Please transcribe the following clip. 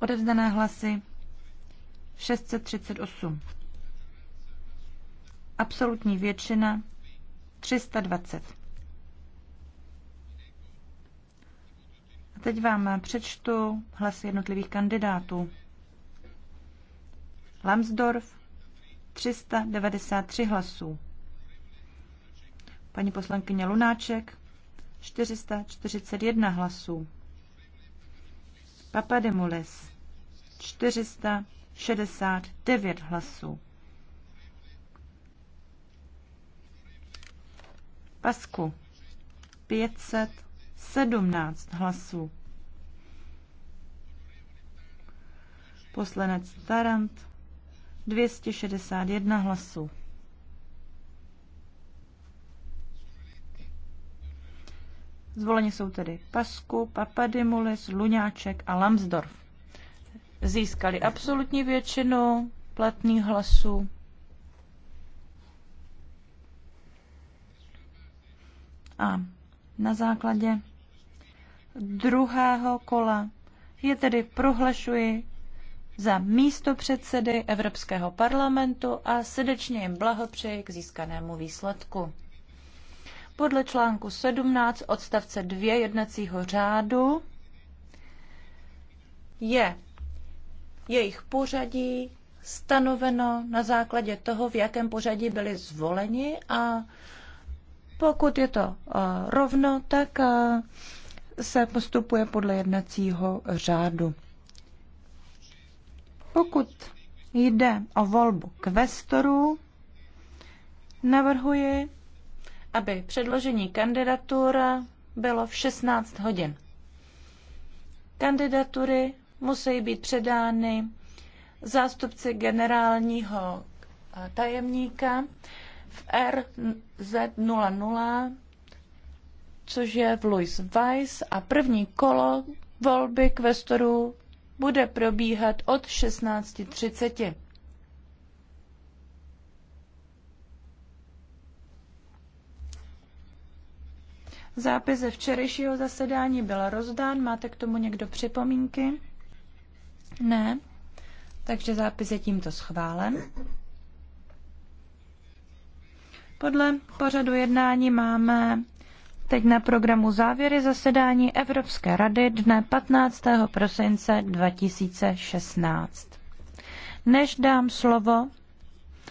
Odevzdané hlasy 638. Absolutní většina 320. A teď vám přečtu hlasy jednotlivých kandidátů. Lambsdorff 393 hlasů. Paní poslankyně Lunáček 441 hlasů. Papademulis 469 hlasů. Pasku 517 hlasů. Poslanec Tarant 261 hlasů. Zvoleni jsou tedy Pasku, Papadimulis, Luňáček a Lambsdorff. Získali absolutní většinu platných hlasů. A na základě druhého kola je tedy prohlašuji za místo předsedy Evropského parlamentu a srdečně jim blahopřeji k získanému výsledku podle článku 17 odstavce 2 jednacího řádu je jejich pořadí stanoveno na základě toho, v jakém pořadí byli zvoleni a pokud je to eh, rovno, tak eh, se postupuje podle jednacího řádu. Pokud jde o volbu kvestorů, navrhuji, aby předložení kandidatur bylo v 16 hodin. Kandidatury musí být předány zástupci generálního eh, tajemníka v RZ00, což je v Louis Weiss a první kolo volby kvestorů bude probíhat od 16.30. Zápis ze včerejšího zasedání byl rozdán. Máte k tomu někdo připomínky? Ne. Takže zápis je tímto schválen. Podle pořadu jednání máme teď na programu závěry zasedání Evropské rady dne 15. prosince 2016. Než dám slovo